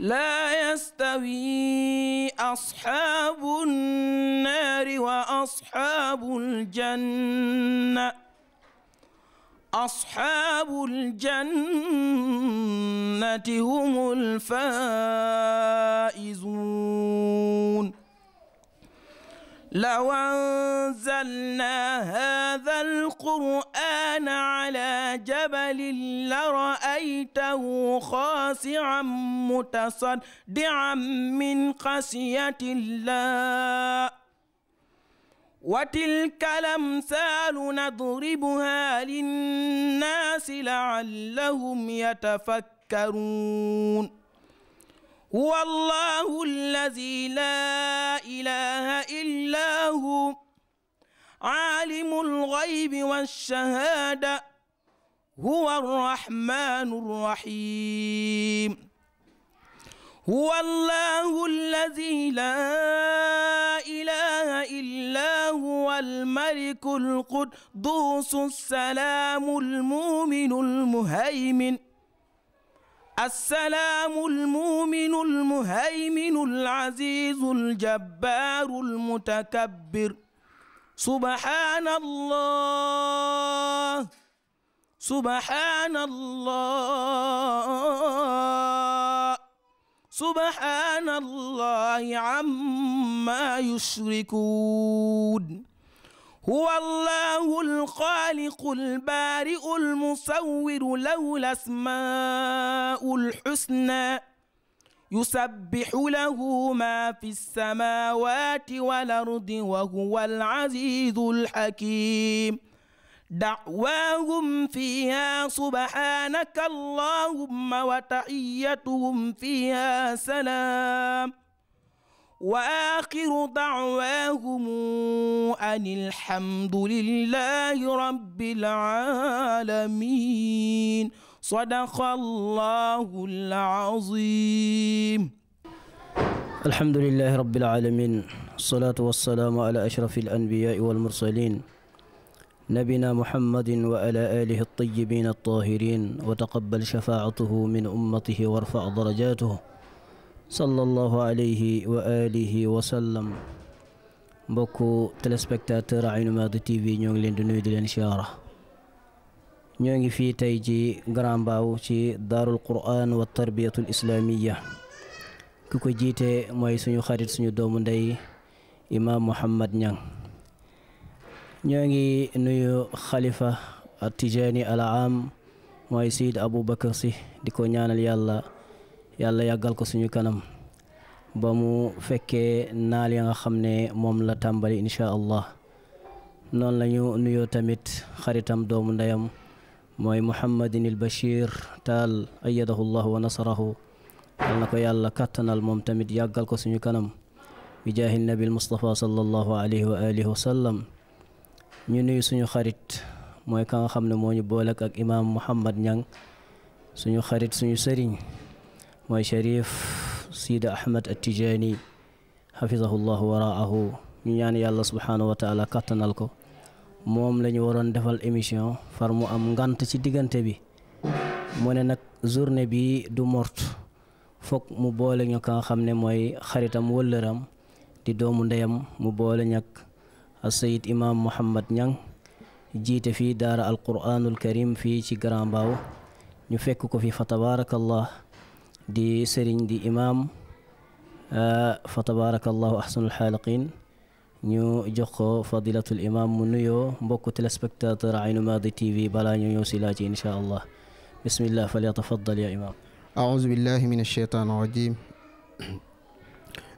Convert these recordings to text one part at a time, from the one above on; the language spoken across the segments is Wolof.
لا يستوي أصحاب النار وأصحاب الجنة أصحاب الجنة هم الفائزون لو أنزلنا هذا القرآن على جبل لرأيته خاشعا متصدعا من خشية الله وتلك الأمثال نضربها للناس لعلهم يتفكرون والله الذي لا إله إلا هو عالم الغيب والشهادة هو الرحمن الرحيم هو الله الذي لا إله إلا هو الملك القدوس السلام المؤمن المهيمن السلام المؤمن المهيمن العزيز الجبار المتكبر سبحان الله سبحان الله سبحان الله عما يشركون huwa allahu alxaaliqu albaari'u almusawwiru lahu alasmaa'u alxusnaa yusabbihu lahu maa fi samaawaati wal ardi wa huwa alaziizu alxakiim da'waahum fiihaa subhaanaka allahumma wa tahiyyatuhum fiihaa salaam wa axiru da'waahum ani alhamdulillahi rabbil aalamiin sadaqallaahu al-aziim. alhamdulillahi rabbil aalamiin salaatu wa salaamu ala ashrafil anbiyaa'i wal mursaliin nabina muhammadin wa ala aalihi at-tayyibiin at-taahiriin wa taqabbal shafaa'atahu min ummatihi warfa' darajaatahu sallallahu alayhi wa alihi wa ñoo ngi leen di nuyu di leen siyaara ñoo ngi fii tey ji Grand Mbao daarul Qur'an wa tarbiyatul islaamiya ko jiite mooy suñu xarit suñu doomu ndey imaam Mouhamed Niang ñoo ngi nuyu xalifa at tijaani al aam mooy Seydi Aboubacar di ko ñaanal yàlla yàlla yàggal ko suñu kanam ba mu fekkee naal ya nga xam ne moom la tàmbali incha allah noonu la ñu nuyoo tamit xaritam doomu ndeyam mooy Mouhamadin il Bachir Tall ayyadahu llahu wa nasarahu yal ko yàlla kàttanal moom tamit yàggal ko suñu kanam bi jaahi nabi al Mustafa sallallahu alayhi wa wa sallam ñu nuyu suñu xarit mooy ka nga xam ne moo boolek ak imaam Mouhamad Niang suñu xarit suñu sëriñ mooy Cherif Sidi Ahmed At-Tijaani xafizahu llahu waraahu ñu ñaan yàlla subhaanahu wa taala kàttanal ko moom lañu ñu waroon defal émission far mu am ngant ci diggante bi mu ne nag journée bi du mort foog mu boole ñu ka nga xam ne mooy xaritam wëllëram di doomu ndeyam mu boole ñak asayid imam Mouhamed Niang jiite fii daara alquraanul karim fii ci Grand Mbao ñu fekk ko fi fa tabaarakallah di sëriñ di imaam fa tabarakallahu ahsanul xaaliqin ñu jox ko Aynu Maadi TV balaa ñu ñëw si laaj allah bismillah fal ya imaam أعوذ بالله من الشيطان الرجيم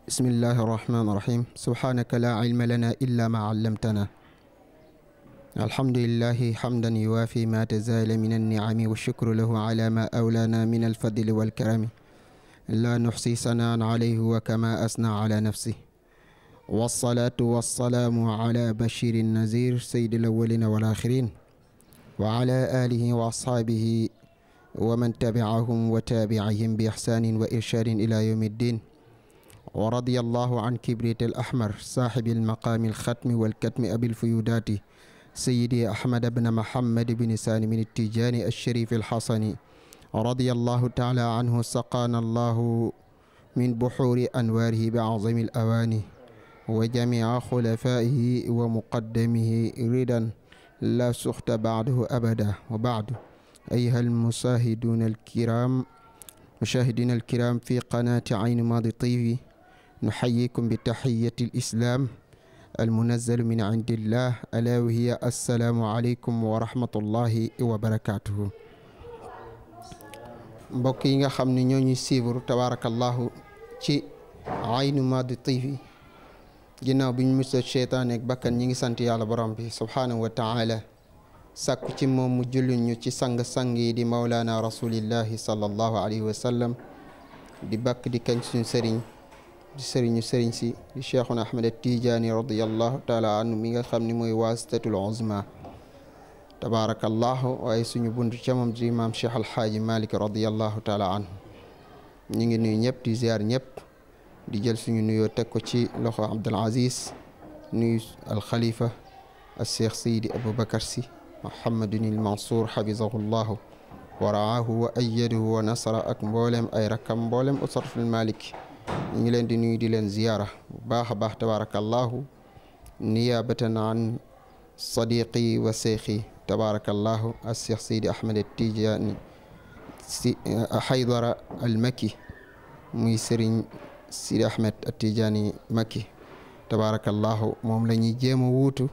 بسم الله الرحمن الرحيم سبحانك لا علم لنا إلا ما علمتنا الحمد لله حمدا يوافي ما تزال من النعم والشكر له على ما laa nuxsi sanaan alayhi wa kama asna ala nafsi wasalaatu wasalaamu ala bashiri nazir saydi lawalina wal axirin wa ala alihi wa ashaabihi wa man tabiahum wa tabiahim bi ixsaanin wa irshaadin ila yowmi ddin wa radia allahu an kibrit al ahmar saaxibi almaqaami alxatmi walkatmi abil fuyudaati sayidi ahmad bna mahamad bni saani min tijaani alsharif alxasani radiyallahu taala anhu saqaana allahu min buxuuri anwaarihi bi azami alawaani wa jamia xulafaihi wa muqaddamihi ridan la suxta baadahu abada wa baadu ayha almusaahiduuna alkiram mushaahidina alkiram fi qanaati Ayni Maadi TV nuxayikum bi taxiyati alislaam almunazzalu min indillaah alaa wa hiya assalaamu aleykum wa rahmatullaahi wa barakaatuhu mbokk yi nga xam ni ñoo ñuy suivre tabaarakallaahu ci aynu Mady TV ginnaaw bi ñu musal seytaane ak bakkan ñi ngi sant yàlla borom bi subhaanahu wa taala sàkku ci moom mu julli ñu ci sang-sang yi di mawlaana rasulillahi sallallahu alayhi wa sallam di bakk di kañ suñu sëriñ sëriñu sëriñ si di cheikhuna ahmed tijaani radiallahu taala anhu mi nga xam ni mooy waasitatul uzma tabaarakallaahu waaye suñu bunt ca moom ji maam Cheikh Alxaaji Malik radiallahu taala anhu ñu ngi nuyu ñëpp di ziar ñëpp di jël suñu nuyoo teg ko ci loxo Abdul Aziz nuyu alxalifa al cheikh saydi aboubacar si mohamadunil mansour xafisahullahu wa raahu wa ayadahu wa nasara ak mbooleem ay rakkam mbooleem usratul malik ñu ngi leen di nuyu di leen ziyaara bu baax a baax tabaarakallahu niyaabatan an sadiqi wa seexi tabaarakallaahu a Cheikh Seydi Ahmed Tidiane si Haydara al Makki muy Serigne Seydi Ahmed Tidiane Makki tabaarakallaahu moom la ñuy jéem a wuutu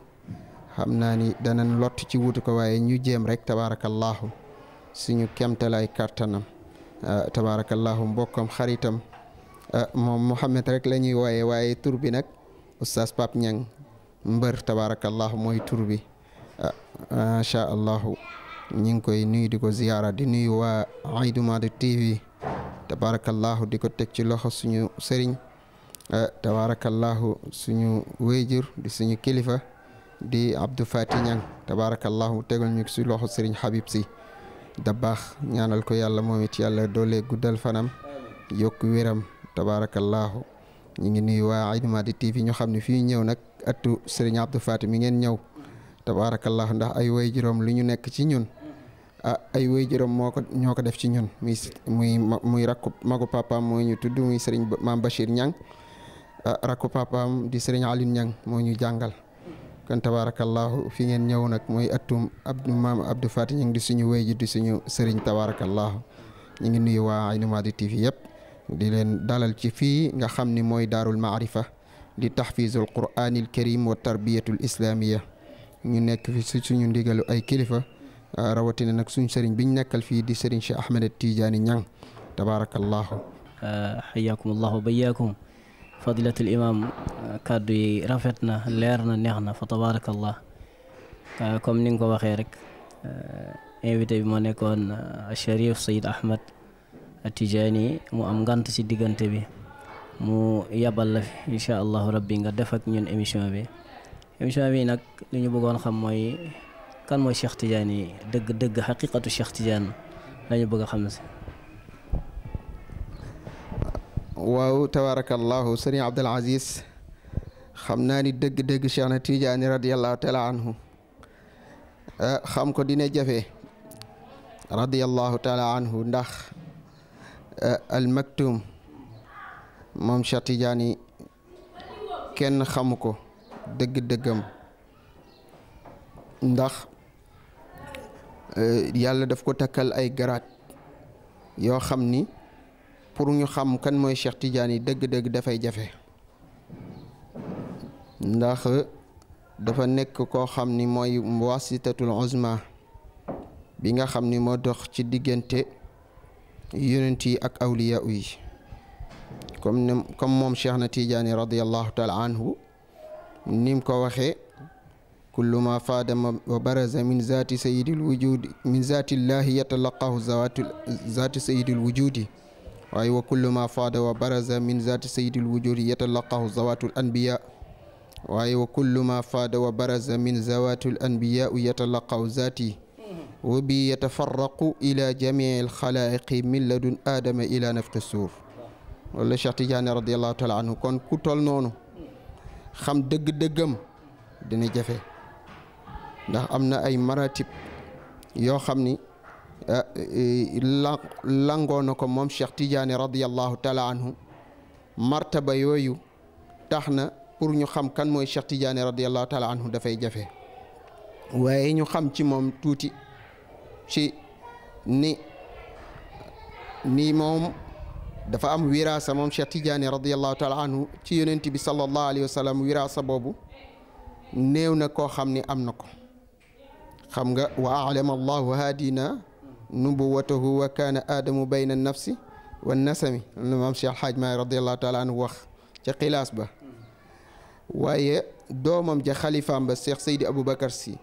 xam naa ni danañ lott ci wuutu ko waaye ñu jéem rek tabaarakallaahu suñu kemtalaay kàttanam ah, tabaarakallaahu mbokkam xaritam ah, moom Mouhamed rek la ñuy wooye waaye tur bi nag oustaz Pape Niang mbër tabaarakallaahu mooy tur bi ah macha allah ñu ngi koy nuyu di ko ziyaara di nuyu waa Aïdu Mady TV tabarakallahu di ko teg ci loxo suñu sëriñ tabarakallahu suñu wéyjur di suñu kilifa di Abdou Fati Niang tabarakallahu tegal ñu ci loxo sëriñ Habib si da ñaanal ko yàlla moom it yàlla doole guddal fanam yokk wéram tabarakallahu ñu ngi nuyu waa Aïdu Mady TV ñu xam ne fii ñëw nag attu sëriñ Abdou Fati mi ngeen ñëw. tabaarakallah ndax ay way juróom li ñu nekk ci ñun ah ay way juróom moo ko ñoo ko def ci ñun muy muy muy rakku magu papaam moo ñu tudd muy sëriñ maam Bachir Niang ah, rakku papaam di sëriñ Aline Niang moo ñu jàngal kon tabaarakallahu fi ngeen ñëw nag mooy attum abdu maam Abdou di suñu way ji di suñu sëriñ tabaarakallahu ñu ngi nuyu waa Aïnou Mady TV yëpp di leen dalal ci fii nga xam ni mooy daarul maarifa di tahfizul quraanil karim wa tarbiyatul islamiya ñu nekk fi si suñu ndigalu ay kilifa ah, rawatina nag suñ sëriñ biñ nekkal fii di sëriñ Cheikh Ahmed Tidiane Niang tabaarakallaahu ah, xayaakum allah wa bayaakum fadilatul imam ah, kàddu yi rafet na leer na neex na fa tabaarakallah comme ni nga ko waxee rek invité bi moo nekkoon Cherif Sayid Ahmed Tidiane mu am ngant si diggante bi mu yabal la fi incha allahu rabbi nga def ak ñun émission bi émission bi nag li ñu bëggoon xam mooy kan mooy Cheikh Tidiane yi dëgg dëgg xaqiqatu Cheikh Tidiane lañu bëgg a xam si. waaw tabaarakallahu sëriñ Abdul xam naa ni dëgg-dëgg Cheikh na Tidiane radiyallahu taala anhu eh, xam ko dina jafe radiyallahu taala anhu ndax eh, al maktum moom kenn xamu ko. dëgg-dëggam ndax eh, yàlla daf ko takkal ay garaat yoo xam ni pour ñu xam kan mooy Cheikh Tidiane yi dëgg-dëgg dafay jafe ndax dafa nekk koo xam ni mooy wasitatul uzma bi nga xam ni moo dox ci diggante yonent yi ak awliya yi comme ne comme moom Cheikh na Tidiane radiyallahu taala anhu nim ko waxee kullu ma faadama wa baraza min zaati sayidil wujudi min zaati llahi yatalaqahu zawatu zaati sayidil wujudi waaye wa kullu ma faada wa baraza min zaati sayidil wujudi yatalaqahu zawatul anbiya waaye wa kullu ma faada wa baraza min zawatul anbiya yatalaqahu zaati wa bi yatafarraqu ila jamii alxalaiqi min ladun aadama ila nafqi suur wala Cheikh Tidiane radiallahu taala anhu kon ku tol noonu xam dëgg-dëggam dina jafe ndax am na ay maratib yoo xam ni ah, la na ko moom Cheikh Tidiane radiyallahu taala anhu martaba yooyu tax na pour ñu xam kan mooy Cheikh Tidiane radiyallahu taala anhu dafay jafe waaye ñu xam ci moom tuuti ci ni ni moom. dafa am wiraasa moom Cheikh Tidiane radiallahu taala anhu ci yonent bi sallallahu alayhi wa sallam wiraasa boobu néew na koo xam ni am na ko xam nga wa alama allahu haadina nubuwatahu wa kaana aadamu bayna nafsi wa nasami la maam Cheikh Alhaaj Maay radiallahu taala anhu wax ca xilaas ba waaye doomam ja xalifaam ba Cheikh Seydi Aboubacar Sy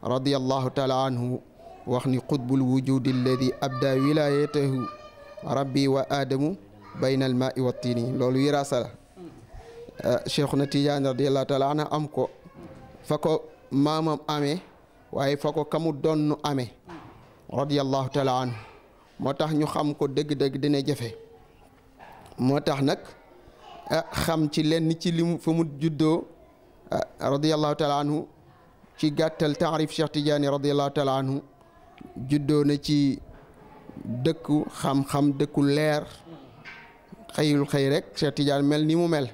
radiallahu taala anhu wax ni qutbul wujudi alladi abda wilayatahu rabbi wa aadamu bayna al maai loolu wiraasa la euh, cheikhuna tidiane radiallahu taala ana am ko fa ko maamam amee waaye fa ko kamu donn amee radiallahu taala anhu moo tax ñu xam ko dëgg-dëgg dina jafe moo tax nag euh, xam ci lenn ci limu fa mu juddoo euh, radiallahu taala anhu ci gàttal taarif cheikh tidiane radiallahu taala anhu juddoo na ci dëkku xam-xam dëkku leer xëyul xëy rek Cheikh Tidiane mel ni mu mel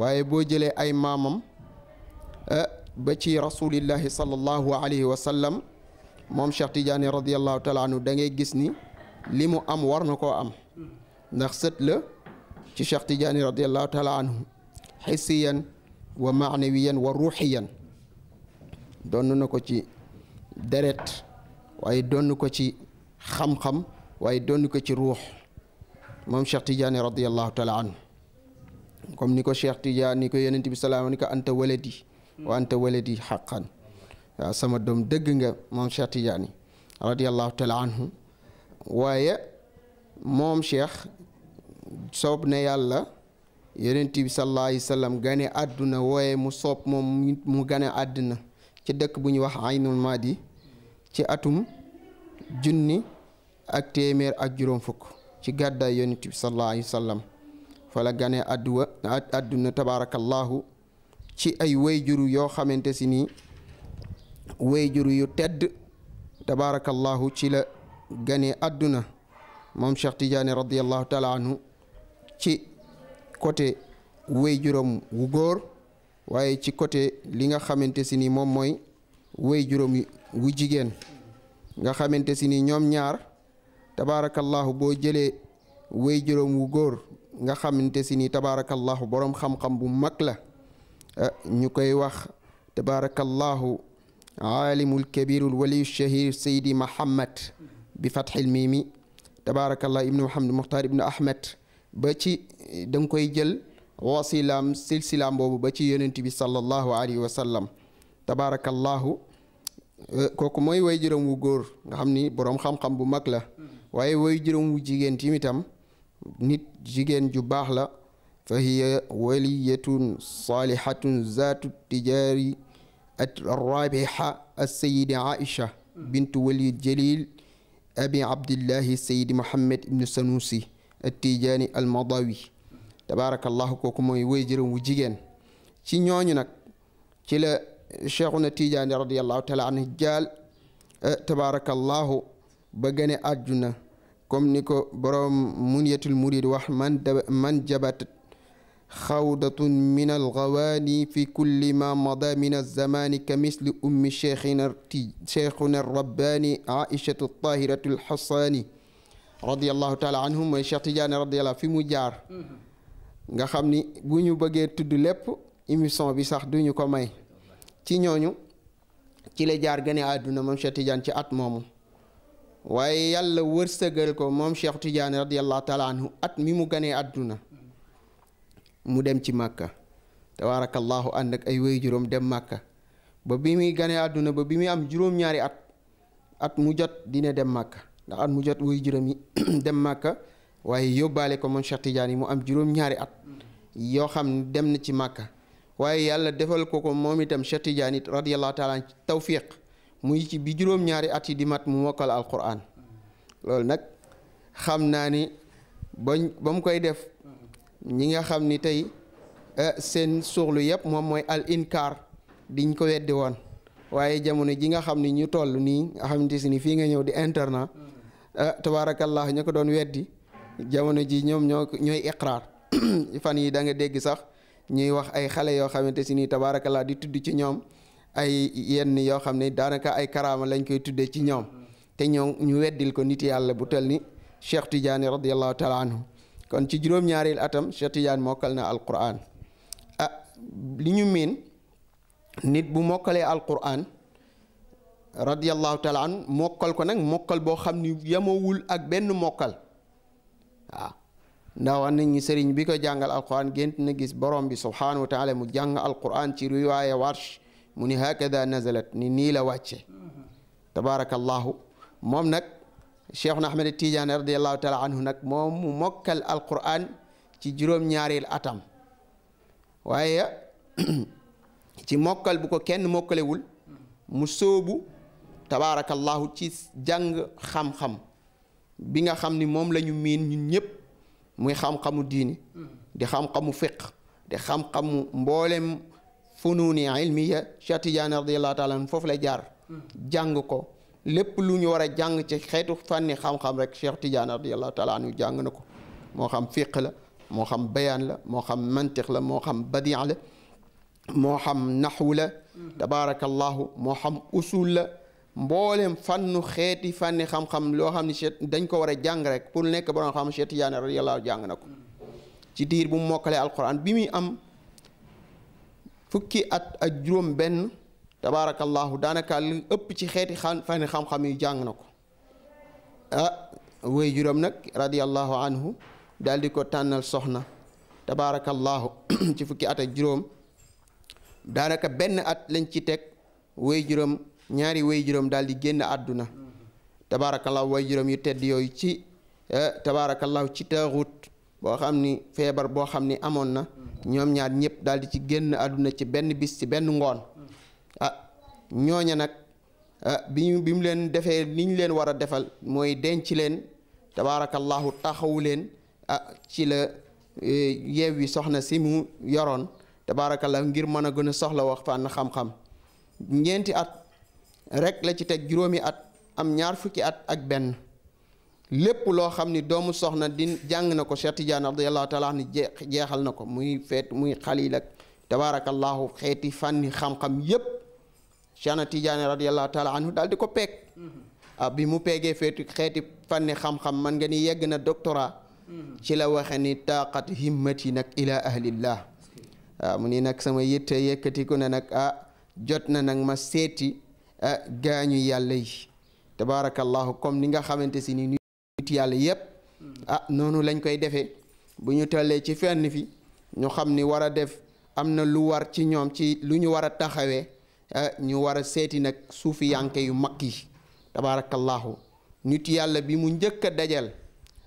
waaye boo jëlee ay maamam eh, ba ci rasulillahi sallallahu alayhi wa moom Cheikh Tidiane radiallahu taala anhu da gis ni li mu am war na koo am ndax sët la ci Cheikh Tidiane radiallahu taala anhu xisiyan wa maanawiyan wa ruuxiyan donn na ko ci deret waaye donn ko ci xam-xam waaye doon ko ci ruux moom Cheikh Tidiane radiyallahu taala anhu comme ni ko Cheikh Tidiane ni ko yonent bi salaam ni ko anta waladi wa anta waladi xaqan waaw sama doom dëgg nga moom Cheikh Tidiane radiyallahu taala anhu waaye moom Cheikh soob na yàlla yonent bi sallallahu alayhi gane àdduna waaye mu soob moom mu gane àdduna ci dëkk bu ñuy wax Aynul di ci atum junni ak téeméer ak juróom fukk ci gàddaay yonent bi sallallahu alayhi wa fa la ganee adduwa adduna tabaarakallaahu ci ay wayjuru yoo xamante ni nii wayjuru yu tedd tabaarakallaahu ci la ganee adduna moom Cheikh Tidiane radiallahu ci côté wayjuram wu góor waaye ci côté li nga xamante ni nii moom mooy wayjuram wu jigéen nga xamante si ni ñoom ñaar tabaarakallahu boo jëlee wéy juróom góor nga xamante si ni tabaarakallahu boroom xam-xam bu mag la eh, ñu koy wax tabaarakallahu aalimul kabirul waliyu shahir saydi mahammad bi fatxil miimi tabaarakallahu ibnu muhammad muxtaar ibnu ahmed ba ci eh, da koy jël wasilaam silsilaam boobu ba ci yonent bi sallallahu alayhi wa sallam Euh, kooku mooy way juróom wu góor nga xam ni boroom xam-xam bu mag la waaye way juróom wu jigéen timitam nit jigéen ju baax la fa hiya waliyatun saalihatun zaatu tijaari arrabiha assayidi aisha bintu wali jalil abi abdillahi sayidi mohammad ibnu sanusi attijaani almadawi tabaarakallahu kooku mooy way juróom wu jigéen ci ñooñu nag ci la cheikhuna tijaani radiallahu taala anhu jaal eh, tabaarakallahu ba gane àdduna comme ni ko boroom muniyatul murid wax man man jabat xawdatun min algawaani fi kulli ma mada min alzamaani ka misli ummi cheikhina ti cheikhuna rabbaani aïchatu tahiratu lxasaani radiallahu taala anhum fi mu jaar mm-hmm. nga xam ni bu ñu bëggee tudd lépp émission bi sax duñu ko may ci ñooñu ci la jaar gane àdduna moom Cheikh Tidiane ci at moomu waaye yàlla wër wërsëgal ko moom Cheikh Tidiane radiallahu taala anhu at mi mu ganee àdduna mu dem ci màkka tabaarakallahu ànd ak ay juróom dem màkka ba bi muy ganee àdduna ba bi muy am juróom-ñaari at at mu jot dina dem màkka ndax at mu jot waajuram yi dem màkka waaye yóbbaale ko moom Cheikh Tidiane yi mu am juróom-ñaari at yoo xam ne dem na ci màkka waaye yàlla defal ko ko moom itam Cheikh Tidiane it radiyallahu taala tawfiq muy ci bi juróom-ñaari at yi di mat mu mokkal alquran loolu nag xam naa ni ba mu koy def ñi nga xam ni tey eh, seen suuxlu yëpp moom mooy al inkaar diñ ko weddi woon waaye jamono ji nga xam ni ñu toll nii nga xamante si ni fii nga ñëw di internat eh, tabaarakallah ñu ko doon weddi jamono ji ñoom ñoo ñooy iqraar fan yi da dégg sax ñuy wax ay xale yoo xamante si nii tabaarakallaa di tudd ci ñoom ay yenn yoo xam ne daanaka ay karaama lañ koy tuddee ci ñoom te ñoo ñu weddil ko nit yàlla bu ni Cheikh Tidiane radiallahu taala anhu kon ci juróom-ñaareel atam Cheikh Tidiane mokkal na alquran ah li ñu miin nit bu mokkalee alquran radiallahu taala mokkal ko nag mokkal boo xam ni yamowul ak benn mokkal waaw ndax wax nañ ni sëriñ bi ko jàngal alquran gént na gis borom bi subhanahu wa taala mu jàng alquran ci riwaaya warsh mu ni hakada nazalat ni nii la wàcce tabaarakallahu moom nag cheikhuna ahmed tidiane radiallahu taala anhu nag moom mu mokkal alquran ci juróom-ñaareel atam waaye ci mokkal bu ko kenn mokkalewul mu sóobu tabaarakallahu ci jàng xam-xam bi nga xam ni moom la ñu miin ñun ñëpp muy xam-xamu diini di xam-xamu fiq di xam-xamu mboolem funuuni ilmiya Cheikh Tidiane radiyallahu taala an foofu la jaar jàng ko lépp lu ñu war a jàng ci xeetu fànni xam-xam rek Cheikh Tidiane radiyallahu taala jàng na ko moo xam fiq la moo xam bayaan la moo xam mantiq la moo xam badia la moo xam naxwu la tabaarakallahu moo xam usul la mboolem nu xeeti fànni xam-xam loo xam ne seet dañ ko war a jàng rek pour nekk borom xam Cheikh Tidiane radiyallahu jàng na ko ci diir bu mu mokkalee alquran bi muy am fukki at ak juróom benn tabaarakallahu daanaka li ëpp ci xeeti xam fànni xam-xam yi jàng na ko ah wéy juróom nag radiyallahu anhu daal di ko tànnal soxna tabaarakallahu ci fukki at ak juróom daanaka benn at lañ ci teg wéy juróom ñaari way juróom daal di génn àdduna tabaarakallahu way juróom yu tedd yooyu ci eh, tabaarakallahu ci taaxut boo xam ni feebar boo xam ni amoon na ñoom ñaar ñëpp daal di ci génn àdduna ci benn bis ci benn ngoon ah ñooña nag eh, bi ñu bi mu leen defee ni leen war a defal mooy denc leen tabaarakallahu taxawu leen ah ci la eh, yeew yi soxna si mu yoroon tabaarakallahu ngir mën a gën a soxla wax fànn xam-xam ñeenti at rek la ci teg juróomi at am ñaar fukki at ak benn lépp loo xam ni doomu soxna di jàng na ko Cheikh Tidiane radiyallahu taala jeexal na ko muy feet muy xalil ak tabarakallahu xeeti fànni xam-xam yépp Cheikh Tidiane radiyallahu taala anhu daal di ko peeg ah, bi mu peegee feeti xeeti fànni xam-xam man nga ni yegg na doctorat ci la waxe ni taqat himmati nag ila ahlillah waaw ah, mu ni nag sama yitte yëkkatiku ne nag ah jot na nag ma seeti Ah, gaañu yàlla yi tabaarakallahu comme ni nga xamante si ni nit yàlla yépp hmm. ah, noonu lañ koy defee bu ñu tollee ci fenn fi ñu xam ni war a def am na lu war ci ñoom ci lu ñu war a taxawee ah, ñu war a seeti nag suufi yanke yu mag yi tabaarakallahu nit yàlla bi mu njëkk a dajal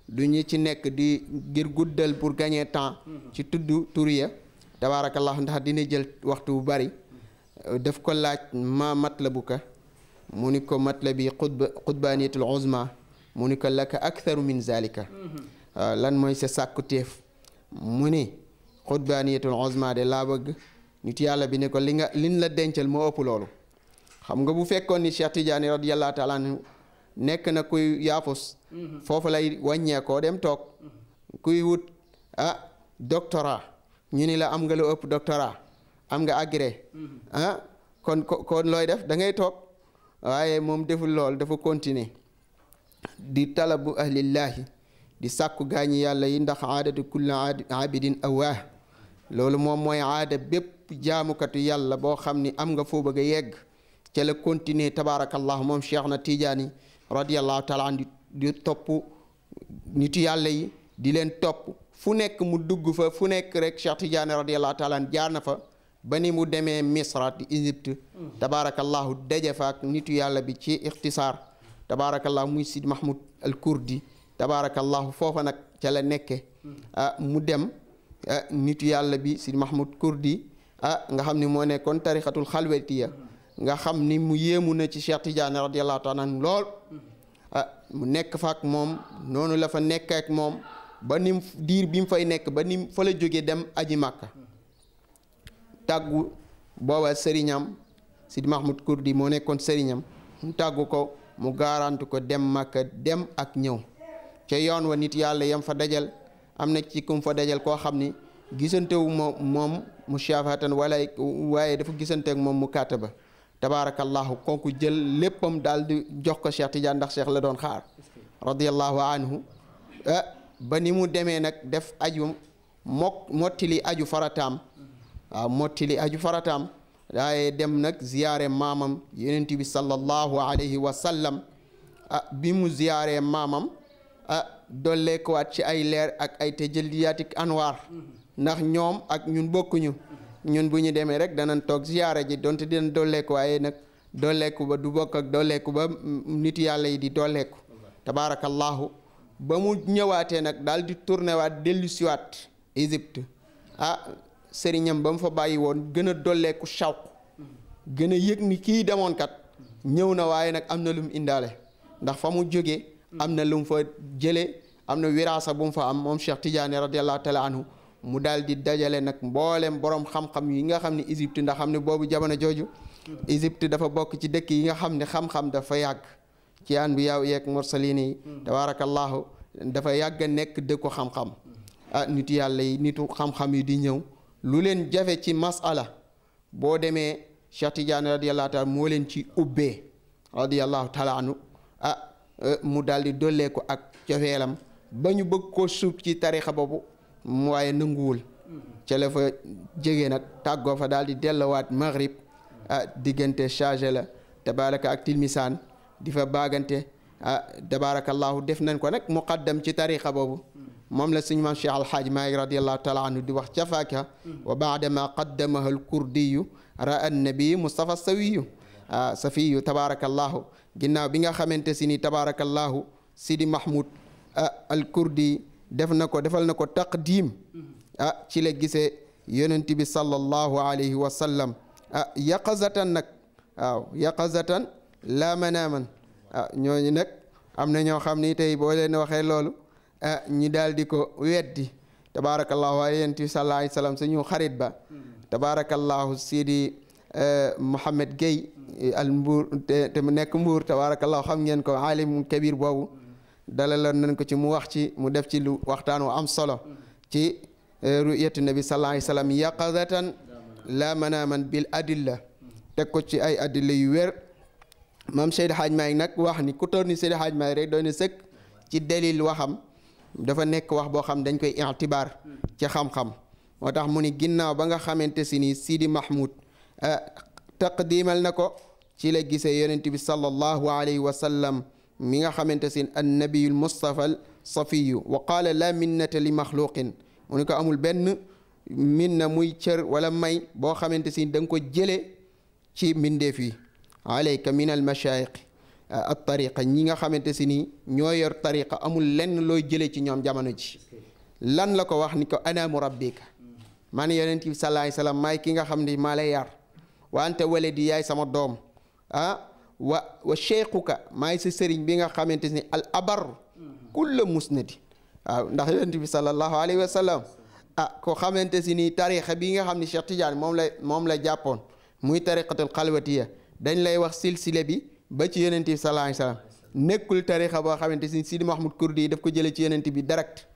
du ñu ci nekk di ngir guddal pour gagner temps hmm. ci tudd tur ya tabaarakallahu ndax dina jël waxtu wu bari def ko laaj ma ka mu ni ko matlabi xutba xutbaaniyatul uzma mu ni ko laka aktharu min zalika mhm. ah, lan mooy sa sàkkuteef mu ni xutbaaniyatul uzma de laa bëgg nit yàlla bi ne li nga liñ la dencal moo ëpp loolu xam nga bu fekkoon ni Cheikh Tidiane radiyallahu taala anhu nekk na kuy yaafus mhm. foofu lay wàññeekoo dem toog mhm. kuy wut ah doctorat ñu ni la am nga la ëpp doctorat am nga agréé mm-hmm. ah, kon kon looy def da ngay toog waaye moom deful lool dafa continuer di talabu ahlillaahi di sàkku gaañi yàlla yi ndax aadatu kulli abidin awaa loolu moom mooy aada bépp jaamukatu yàlla boo xam ni am nga foo bëgg a yegg ca la continuer tabaarakallah moom cheikh na tijaani radiallahu taala an di topp nit yàlla yi di leen topp fu nekk mu dugg fa fu nekk rek cheikh tijaani radiallahu taala jaar na fa ba ni mu demee misra di Égypte tabaarakallaahu daje fa ak nitu yàlla bi ci ixtisaar tabaarakallaahu muy Sid Mahmoud al Kurdi tabaarakallaahu foofa nag ca la nekke ah mu dem ah, nitu yàlla bi Sid Mahmoud Kurdi ah nga xam ni moo nekkoon tarixatul xalwetiya nga xam ni mu yéemu na ci Cheikh Tidiane radiyallaahu taala lool ah mu nekk fa ak moom noonu la fa nekk ak moom ba ni diir bi mu fay nekk ba ni fa la jógee dem aji màkka tàggu booba sëriñam Sidi Mahmoud Kurdi moo nekkoon sëriñam mu tàggu ko mu garantu ko dem Makka dem ak ñëw ca yoon wa nit yàlla yam fa dajal am na ci kum fa dajal koo xam ni gisantewu moom moom mu shafatan wala waaye dafa gisante ak moom mu kàtta ba tabaarakallaahu kooku jël léppam daal di jox ko Cheikh Tidiane ndax Cheikh la doon xaar radiallahu anhu eh, ba ni mu demee nag def aju mok mottili aju farataam waaw li aju farataam daaye dem nag ziyaare maamam yonent bi sallallahu alayhi wa sallam ah bi mu ziyaare maamam ah dolleekuwaat ci ay leer ak ay tëjëliyaat ak anwaar ndax ñoom ak ñun bokkuñu ñun bu ñu demee rek danañ toog ziyaare ji donte dinañ dolleeku waaye nag dolleeku ba du bokk ak dolleeku ba nit yàlla yi di dolleeku tabaarakallaahu ba mu ñëwaatee nag daal di tourné waat dellusiwaat Égypte ah sëriñam ba mu fa bàyyi woon gën a dolleeku shawq gën a yëg ni kii demoon kat ñëw na waaye nag am na lu mu indaale ndax fa mu jóge am na lu mu fa jële am na wiraasa bu mu fa am moom Cheikh Tidiane radiallahu taala anhu mu daal di dajale nag mbooleem borom xam-xam yi nga xam ne Égypte ndax xam ne boobu jamono jooju Égypte dafa bokk ci dëkk yi nga xam ne xam-xam dafa yàgg ci bi anbiyaaw yeeg mursalin yi tabaarakallaahu dafa yàgg a nekk dëkku xam-xam ah nitu yàlla yi di ñëw lu leen jafe ci masala boo demee Cheikh Tidiane radiyallahu taala moo leen ci ubbee radiyallahu taala anu ah eh, mu daal dollee ko ak cofeelam ba ñu bëgg ko suub ci tarixa boobu mu waaye nanguwul ca la fa jege nag tàggoo fa daal di dellowaat maghrib ah diggante chargé la tabaraka ak tilmisaan di fa baagante ah tabarakallahu def nañ ko nag muqaddam ci tarixa boobu moom la suñu maam Cheikh Alxaaji Maalik radiallahu taala anhu di wax ca faaka wa baadama qaddamaha alkurdiyu ra annabi Mustafa sawiyu ah, safiyu tabaarakallaahu ginnaaw bi nga xamante si ni tabaarakallaahu Sidi Mahmoud ah, alkurdi def na ko defal na ko taqdiim ah ci la gisee yonent bi sallallahu alayhi wa sallam ah yaqazatan nag waaw yaqazatan laa manaaman ah, ñooñu nag am na ñoo xam ni tey boo leen waxee loolu Eh, ñi daal di ko weddi tabaarakallaahu waaye yonent bi sallallaahu xarit ba tabaarakallaahu Sidi eh, Mouhamed Gueye eh, mbuur te mu nekk mbuur tabaarakallaahu xam ngeen ko aalimu kabir boobu dalaloon nañ ko ci mu wax ci mu def ci lu waxtaan wu am solo ci ru'yatu nabi sallallaahu alayhi wa sallam yaqazatan laa manaaman bil adilla teg ko ci ay adilla yu wér maam Seydi Hadj Maalik nag wax ni ku toll ni Seydi Hadj rek doy sëkk ci dalil waxam dafa nekk wax boo xam dañ koy itibaar ci xam-xam moo tax mu ni ginnaaw ba nga xamante si ni Sidi Mahmoud eh, taqdiimal na ko ci la gisee yonent bi sallallahu alayhi wa sallam mi nga xamante si sin annabiyul mustafa al safiyu wa qaala la minnata li maxluqin mu ni ko amul benn min na muy cër wala may boo xamante si da nga ko jële ci mbindeef yi alayka min al mashayiq Euh, ak tariqa ñi nga xamante si ni ñoo yor tariqa amul lenn looy jëlee ci ñoom jamono ji lan la ko wax ni ko ana murabbika man yeneen bi salaay salaam may ki nga xam ni maa lay yar wa anta di yaay sama doom ah wa wa cheikhuka maay sa sëriñ bi nga xamante ni al abar kulla musnadi waaw ndax yonent bi sallallahu alayhi wa sallam ah, ko xamante si ni tariqa bi nga xam ni Cheikh Tidiane moom lay moom lay jàppoon muy tariqatul xalwatiya dañ lay wax silsile bi ba ci yonent bi sallallahu alayhi nekkul tarixa boo xamante ni Sidi Mahmoud Kurdi yi daf ko jëlee ci yonent bi direct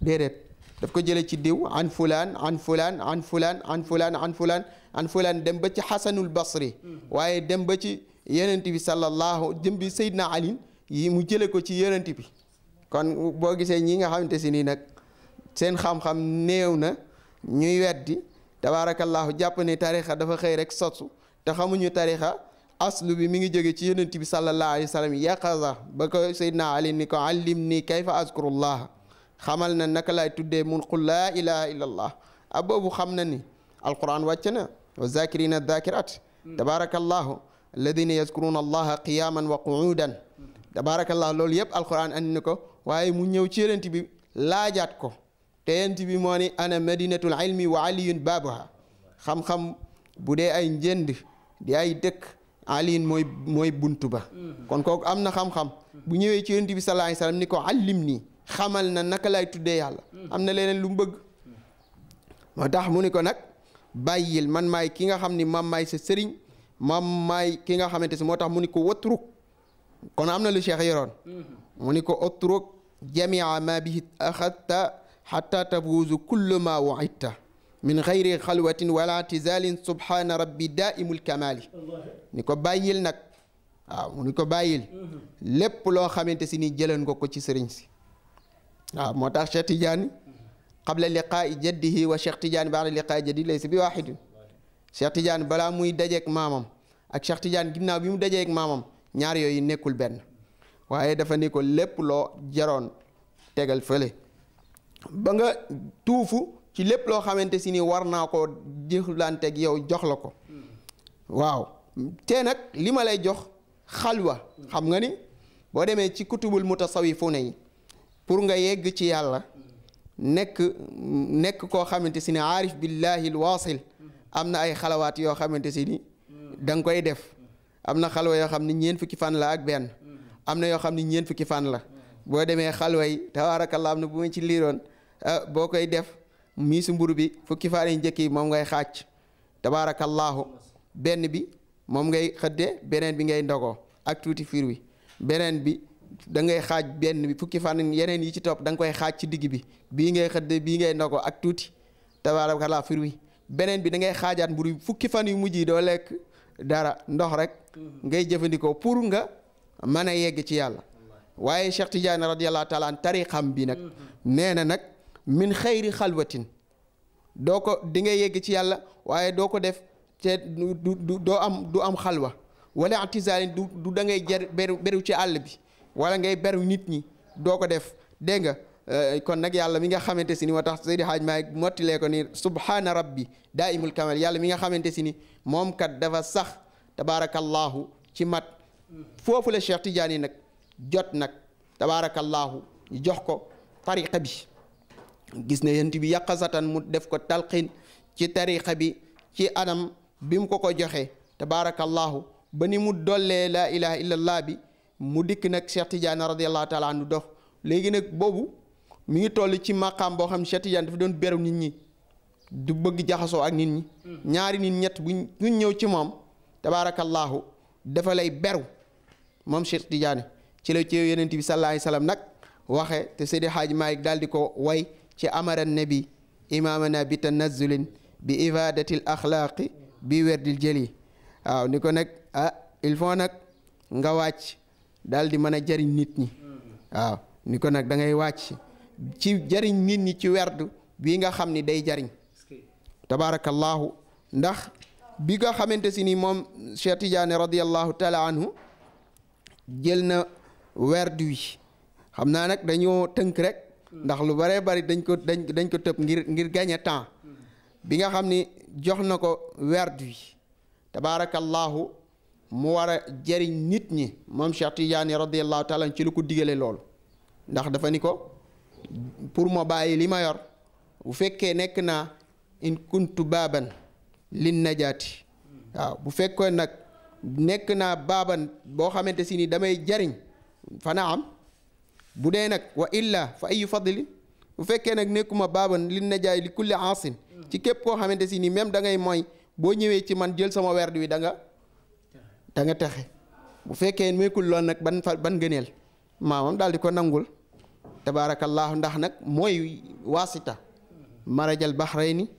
déedéet daf ko jëlee ci diw an fulaan an fulaan an fulaan an fulaan an fulaan an fulaan dem ba ci xasanul basri waaye dem ba ci yenenti bi sallallahu jëm bi seyd Seydina Ali yi mu jëlee ko ci yenenti bi kon boo gisee ñi nga xamante si nii nag seen xam-xam néew na ñuy weddi tabaarakallaahu jàpp ni tarixa dafa xëy rek sosu te xamuñu tarixa aslu bi mi ngi jóge ci yonent bi sallallahu alayhi wa sallam yaqaza ba ko Seydina Ali ni ko allim ni xamal na naka laay tuddee mun xam na ni alquran wàcc na wa zakirina zakirat tabarakallahu alladina yazkuruna allaha qiyaman wa loolu yëpp alquran na ko waaye mu ñëw ci yonent bi laajaat ko te yonent bi moo ni ana madinatul ilmi wa aliyun baabuha xam bu dee ay njënd di ay dëkk aliin mooy mooy bunt ba kon kook am na xam-xam bu ñëwee ci yonent bi sallallahu sa wasallam ni ko allim nii xamal na naka lay tuddee yàlla am na leneen lu mu moo tax mu ni ko nag bàyyil man maay ki nga xam ni mam maay sa sëriñ mam maay ki nga xamante si moo tax mu ni ko watruk kon am na lu cheikh yoroon mu ni ko otruk jamia ma bihi axadta xata tafuuzu kullu ma waidta min xayri xalwatin wala tizalin subhaana rabbi daaimul kamaali ni ko bàyyil nag waaw ni ko bàyyil lépp loo xamante si ni jëlan ko ko ci sëriñ si waaw moo tax Cheikh Tidiane qabla liqaai jaddihi wa Cheikh Tidiane baada liqaai jaddihi laysa balaa muy dajeeg maamam ak Cheikh Tidiane ginnaaw bi mu dajeeg maamam ñaar yooyu nekkul benn waaye dafa ni ko lépp loo jaroon tegal fële ba nga tuufu ci lépp loo xamante si ni war naa ko jëflanteeg yow jox la ko waaw te nag li ma lay jox xalwa xam nga ni boo demee ci kutubul mutasawifuna yi pour nga yegg ci yàlla nekk nekk koo xamante si ni aarif billahi alwasil am na ay xalawaat yoo xamante si ni danga koy def am na xalwa yoo xam ne ñeent fukki fan la ak benn am na yoo xam ne ñeent fukki fan la boo demee xalwa yi tabaarakallah am na bu ma ci liiroon ah, boo koy def miisu mburu bi fukki fan yi njëkk yi moom ngay xaaj tabaarakallaahu benn bi moom ngay xëddee beneen bi ngay ndogoo ak tuuti fiir wi beneen bi da ngay xaaj benn bi fukki fan yeneen yi ci topp da nga koy xaaj ci digg bi bii ngay xëddee bii ngay ndogoo ak tuuti tabaarakallaahu fiir wi beneen bi da ngay xaajaat mburu bi fukki fan yu mujj yi doo lekk dara ndox rek ngay jëfandikoo pour nga mën a yegg ci yàlla waaye Cheikh Tidiane radiyallahu taala an tariqam bi nag mm-hmm. nee na nag min xayri xalwatin doo ko di nga yegg ci yàlla waaye doo ko def te du du doo am du am xalwa wala atisaani du du da ngay jar beru beru ci àll bi wala ngay beru nit ñi doo ko def dégg nga eh, kon nag yàlla mi nga xamante si ni moo tax Seydi Haaj Maalik mottilee ko ni subhaana rabbi daa imul kamal yàlla mi nga xamante si ni moom kat dafa sax tabaarakallaahu ci mat foofu la Cheikh Tidiane nag jot nag tabaarakallaahu jox ko tariqa bi gis na yent bi yàqasatan mu def ko talqin ci tariqa bi ci anam bi mu ko ko joxe tabaarakallaahu ba ni mu dollee laa ilaha illallah bi mu dikk nag Cheikh Tidiane radiallahu taala anhu dox léegi nag boobu mu ngi toll ci maqaam boo xam Cheikh Tidiane dafa doon beru nit ñi du bëgg jaxasoo ak nit ñi mm. ñaari nit ñett buñ buñ ñëw ci moom tabaarakallaahu dafa lay beru moom Cheikh Tidiane ci la ci yonent bi sallallahu alayhi nag waxe te Seydi Hadji Malick daal di ko way ci amara nabi imaamana bi tanazulin bi ivadatil axlaaqi bi werdil jëli waaw ni ko nag ah il faut nag nga wàcc daal di mën a jariñ nit ñi waaw ni ko nag dangay ngay wàcc ci jariñ nit ñi ci werd bii nga xam ni day jariñ tabaarakallaahu ndax bi nga xamante si ni moom Cheikh Tidiane radiallahu taala jël na werd wi xam naa nag dañoo tënk rek ndax lu baree bari dañ ko dañ dañ ko tëb ngir ngir gagner temps bi nga xam ni jox na ko werd wi tabaarakallaahu mu war a jariñ nit ñi moom Cheikh Tidiane radiallahu taala ci lu ko digale loolu ndax dafa ni ko pour ma bàyyi li ma yor bu fekkee nekk naa in kuntu baaban lin najaati waaw bu fekkoon nag nekk naa baaban boo xamante si ni damay jariñ fana am bu dee nag wa illa fa ayu fadlin bu fekkee nag nekkuma baaban li najaay li kulli aasin ci képp koo xamante si ni même dangay ngay mooy boo ñëwee ci man jël sama werd wi da nga da nga texe bu fekkee nekkul lool nag ban fa ban ngëneel maamam daal di ko nangul tabaarakallaahu ndax nag mooy waasita marajal baxrayni